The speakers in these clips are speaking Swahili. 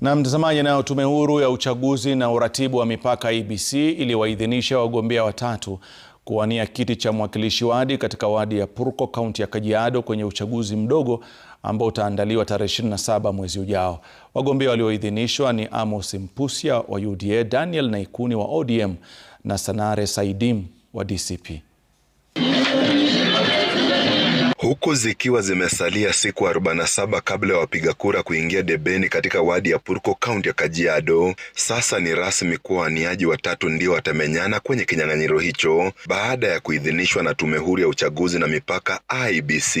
Na mtazamaji, nayo Tume Huru ya Uchaguzi na Uratibu wa Mipaka IEBC iliwaidhinisha wagombea watatu kuwania kiti cha mwakilishi wadi katika wadi ya Purko, kaunti ya Kajiado kwenye uchaguzi mdogo ambao utaandaliwa tarehe 27 mwezi ujao. Wagombea walioidhinishwa ni Amos Mpusia wa UDA, Daniel Naikuni wa ODM na Sanare Saidim wa DCP huku zikiwa zimesalia siku 47 kabla ya wapiga kura kuingia debeni katika wadi ya Purko, kaunti ya Kajiado. Sasa ni rasmi kuwa waniaji watatu ndio watamenyana kwenye kinyang'anyiro hicho baada ya kuidhinishwa na Tume Huru ya Uchaguzi na Mipaka IBC.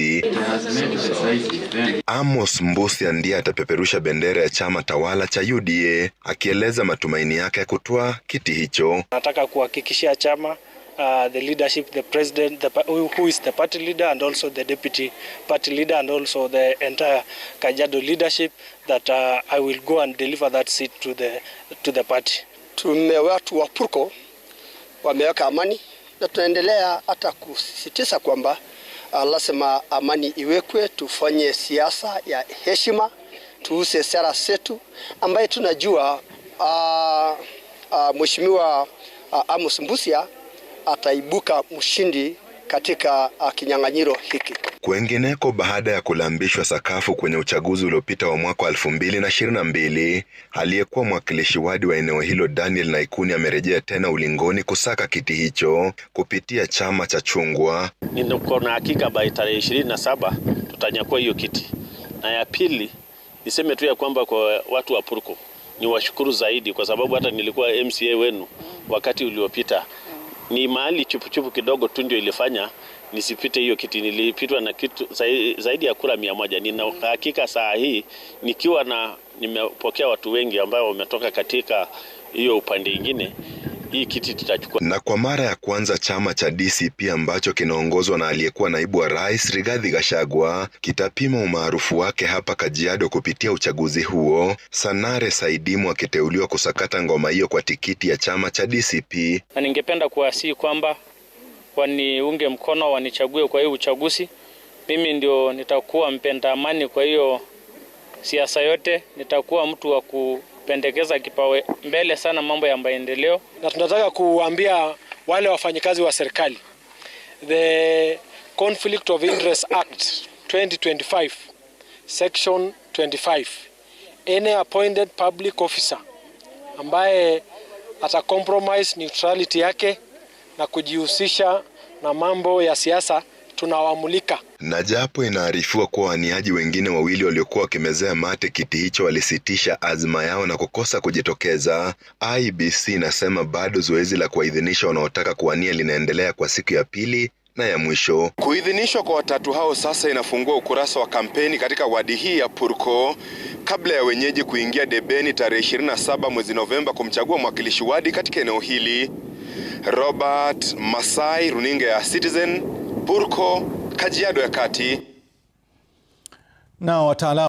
Amos Mbusia ndiye atapeperusha bendera ya chama tawala cha UDA, akieleza matumaini yake ya kutoa kiti hicho. Nataka kuhakikishia chama uh, the leadership, the president, the, who is the party leader and also the deputy party leader and also the entire Kajado leadership that uh, I will go and deliver that seat to the, to the party. Tume watu wa Purko wameweka amani na tunaendelea hata kusisitiza kwamba uh, lazima amani iwekwe, tufanye siasa ya heshima, tuuse sera zetu ambaye tunajua uh, uh, Mheshimiwa uh, Amos Mbusia ataibuka mshindi katika uh, kinyang'anyiro hiki. Kwengineko, baada ya kulambishwa sakafu kwenye uchaguzi uliopita wa mwaka wa elfu mbili na ishirini na mbili, aliyekuwa mwakilishi wadi wa eneo hilo Daniel Naikuni amerejea tena ulingoni kusaka kiti hicho kupitia chama cha chungwa. Niko na hakika bai tarehe ishirini na saba tutanyakua hiyo kiti. Na ya pili niseme tu ya kwamba kwa watu wa Purko ni washukuru zaidi, kwa sababu hata nilikuwa MCA wenu wakati uliopita ni mahali chupuchupu kidogo tu ndio ilifanya nisipite hiyo kiti. Nilipitwa na kitu zaidi ya kura mia moja. Nina mm-hmm. hakika saa hii nikiwa na nimepokea watu wengi ambao wametoka katika hiyo upande ingine hii kiti tutachukua. Na kwa mara ya kwanza chama cha DCP ambacho kinaongozwa na aliyekuwa naibu wa rais Rigathi Gachagua kitapima umaarufu wake hapa Kajiado kupitia uchaguzi huo, Sanare Saidimu akiteuliwa kusakata ngoma hiyo kwa tikiti ya chama cha DCP. Na ningependa kuwasihi kwamba waniunge mkono, wanichague kwa hii uchaguzi. Mimi ndio nitakuwa mpenda amani, kwa hiyo siasa yote nitakuwa mtu wa ku kupendekeza kipawe mbele sana mambo ya maendeleo, na tunataka kuambia wale wafanyikazi wa serikali the Conflict of Interest Act 2025 section 25 any appointed public officer ambaye ata compromise neutrality yake na kujihusisha na mambo ya siasa tunawamulika. Na japo inaarifiwa kuwa waniaji wengine wawili waliokuwa wakimezea mate kiti hicho walisitisha azma yao na kukosa kujitokeza, IEBC inasema bado zoezi la kuwaidhinisha wanaotaka kuwania linaendelea kwa siku ya pili na ya mwisho. Kuidhinishwa kwa watatu hao sasa inafungua ukurasa wa kampeni katika wadi hii ya Purko kabla ya wenyeji kuingia debeni tarehe 27 mwezi Novemba kumchagua mwakilishi wadi katika eneo hili. Robert Masai, runinga ya Citizen. Burko, Kajiado ya Kati na wataalamu